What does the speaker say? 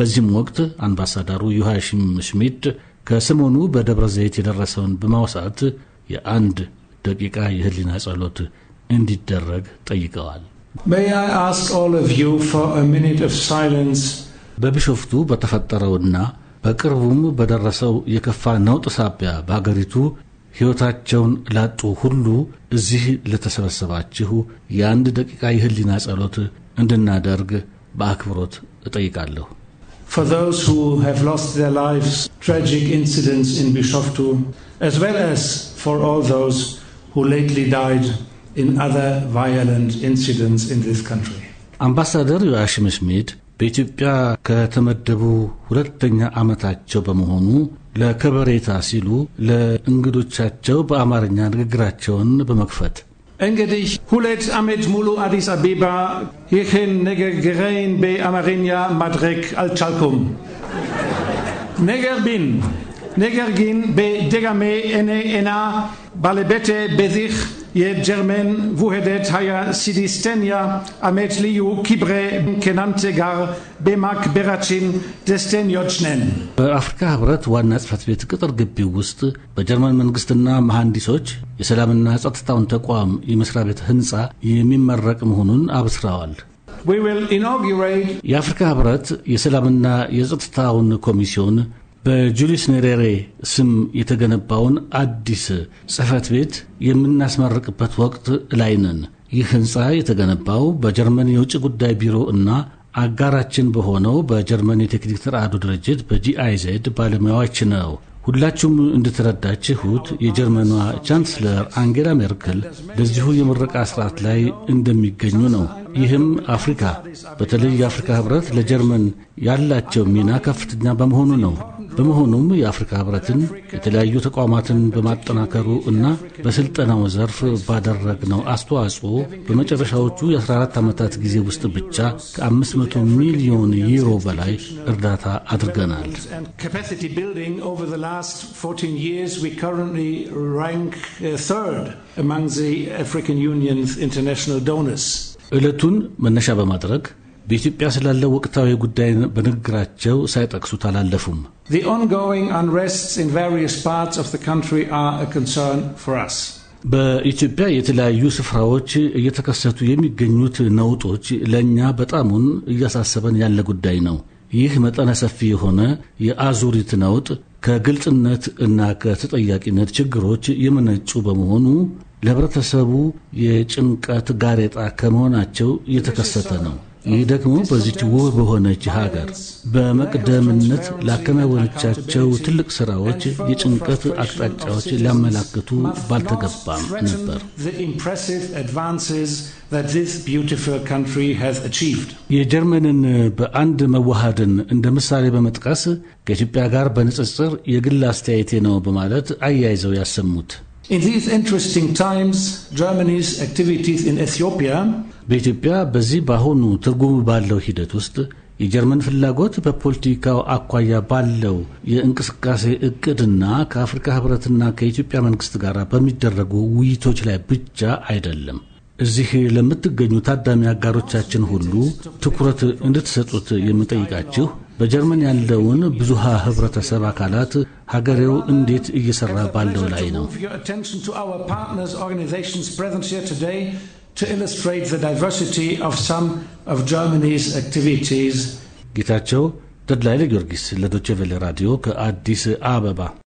በዚህም ወቅት አምባሳደሩ ዮሐሽም ሽሚድ ከሰሞኑ በደብረ ዘይት የደረሰውን በማውሳት የአንድ ደቂቃ የህሊና ጸሎት እንዲደረግ ጠይቀዋል። በቢሾፍቱ በተፈጠረውና በቅርቡም በደረሰው የከፋ ነውጥ ሳቢያ በአገሪቱ ሕይወታቸውን ላጡ ሁሉ እዚህ ለተሰበሰባችሁ የአንድ ደቂቃ የህሊና ጸሎት እንድናደርግ በአክብሮት እጠይቃለሁ። for those who have lost their lives, tragic incidents in Bishoftu, as well as for all those who lately died in other violent incidents in this country. አምባሳደር ዮአሽም ሽሚድ በኢትዮጵያ ከተመደቡ ሁለተኛ ዓመታቸው በመሆኑ ለከበሬታ ሲሉ ለእንግዶቻቸው በአማርኛ ንግግራቸውን በመክፈት Engedich, Hulet, Amet Mulu, Addis Abeba, Hirchen, Neger, Gerein, Be, Amarinya, Madrek, Alchalkum. Neger bin, Neger gin, Be, Degame, Ene, Ena, Balebete, Bezich, የጀርመን ውህደት ሀያ ስድስተኛ ዓመት ልዩ ክብረ ከናንተ ጋር በማክበራችን ደስተኞች ነን። በአፍሪካ ህብረት ዋና ጽህፈት ቤት ቅጥር ግቢ ውስጥ በጀርመን መንግስትና መሐንዲሶች የሰላምና ጸጥታውን ተቋም የመስሪያ ቤት ህንፃ የሚመረቅ መሆኑን አብስረዋል። የአፍሪካ ህብረት የሰላምና የጸጥታውን ኮሚሲዮን በጁሊስ ኔሬሬ ስም የተገነባውን አዲስ ጽህፈት ቤት የምናስመርቅበት ወቅት ላይ ነን። ይህ ህንፃ የተገነባው በጀርመን የውጭ ጉዳይ ቢሮ እና አጋራችን በሆነው በጀርመን የቴክኒክ ተራዶ ድርጅት በጂአይዜድ ባለሙያዎች ነው። ሁላችሁም እንደተረዳችሁት የጀርመኗ ቻንስለር አንጌላ ሜርክል በዚሁ የምረቃ ስርዓት ላይ እንደሚገኙ ነው። ይህም አፍሪካ በተለይ የአፍሪካ ህብረት ለጀርመን ያላቸው ሚና ከፍተኛ በመሆኑ ነው። በመሆኑም የአፍሪካ ህብረትን የተለያዩ ተቋማትን በማጠናከሩ እና በስልጠናው ዘርፍ ባደረግነው አስተዋጽኦ በመጨረሻዎቹ የ14 ዓመታት ጊዜ ውስጥ ብቻ ከ500 ሚሊዮን ዩሮ በላይ እርዳታ አድርገናል። uh, ዕለቱን መነሻ በማድረግ በኢትዮጵያ ስላለው ወቅታዊ ጉዳይ በንግግራቸው ሳይጠቅሱት አላለፉም። The ongoing unrests in various parts of the country are a concern for us. በኢትዮጵያ የተለያዩ ስፍራዎች እየተከሰቱ የሚገኙት ነውጦች ለእኛ በጣሙን እያሳሰበን ያለ ጉዳይ ነው። ይህ መጠነ ሰፊ የሆነ የአዙሪት ነውጥ ከግልጽነት እና ከተጠያቂነት ችግሮች የመነጩ በመሆኑ ለህብረተሰቡ የጭንቀት ጋሬጣ ከመሆናቸው እየተከሰተ ነው። ይህ ደግሞ በዚች ውብ በሆነች ሀገር በመቅደምነት ላከናወነቻቸው ትልቅ ስራዎች የጭንቀት አቅጣጫዎች ሊያመላክቱ ባልተገባም ነበር። የጀርመንን በአንድ መዋሃድን እንደ ምሳሌ በመጥቀስ ከኢትዮጵያ ጋር በንጽጽር የግል አስተያየቴ ነው በማለት አያይዘው ያሰሙት In these interesting times, Germany's activities በኢትዮጵያ በዚህ በአሁኑ ትርጉም ባለው ሂደት ውስጥ የጀርመን ፍላጎት በፖለቲካው አኳያ ባለው የእንቅስቃሴ እቅድና ከአፍሪካ ህብረትና ከኢትዮጵያ መንግስት ጋር በሚደረጉ ውይይቶች ላይ ብቻ አይደለም። እዚህ ለምትገኙ ታዳሚ አጋሮቻችን ሁሉ ትኩረት እንድትሰጡት የምጠይቃችሁ በጀርመን ያለውን ብዙሃ ህብረተሰብ አካላት ሀገሬው እንዴት እየሰራ ባለው ላይ ነው። ጌታቸው ተድላይ ለጊዮርጊስ ለዶቼ ቬለ ራዲዮ ከአዲስ አበባ